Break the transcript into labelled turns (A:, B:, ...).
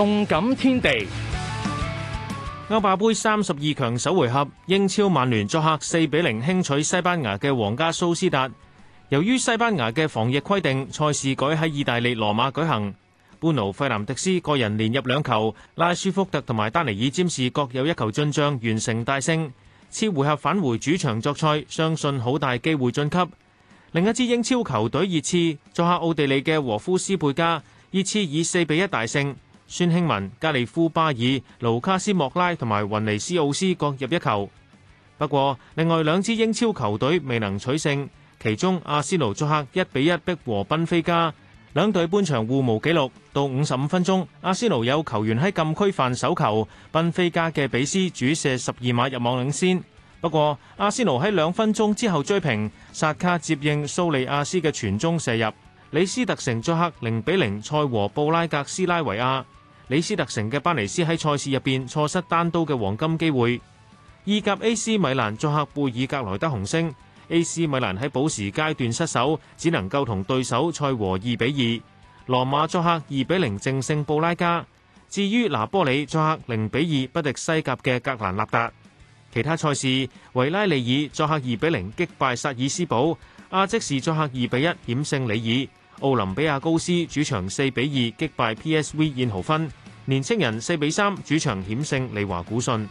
A: 動感天地，歐霸盃三十二強首回合，英超曼聯作客四比零輕取西班牙嘅皇家蘇斯達。由於西班牙嘅防疫規定，賽事改喺意大利羅馬舉行。布奴費南迪斯個人連入兩球，拉舒福特同埋丹尼爾詹士各有一球進賬，完成大勝。次回合返回主場作賽，相信好大機會晉級。另一支英超球隊熱刺作客奧地利嘅禾夫斯貝加，熱刺以四比一大勝。孫興慜、加利夫巴爾、盧卡斯莫拉同埋雲尼斯奧斯各入一球。不過，另外兩支英超球隊未能取勝，其中阿仙奴作客一比一逼和賓菲加，兩隊半場互無紀錄。到五十五分鐘，阿仙奴有球員喺禁區犯手球，賓菲加嘅比斯主射十二碼入網領先。不過，阿仙奴喺兩分鐘之後追平，薩卡接應蘇利亞斯嘅傳中射入。李斯特城作客零比零賽和布拉格斯拉維亞。李斯特城嘅巴尼斯喺賽事入邊錯失單刀嘅黃金機會。意甲 A.C. 米蘭作客貝爾格萊德紅星，A.C. 米蘭喺補時階段失守，只能夠同對手賽和二比二。羅馬作客二比零淨勝布拉加。至於拿波里作客零比二不敵西甲嘅格蘭納達。其他賽事，維拉利爾作客二比零擊敗薩爾斯堡，阿積士作客二比一險勝里爾。奧林比亞高斯主場四比二擊敗 PSV 燕豪分，年輕人四比三主場險勝利華古信。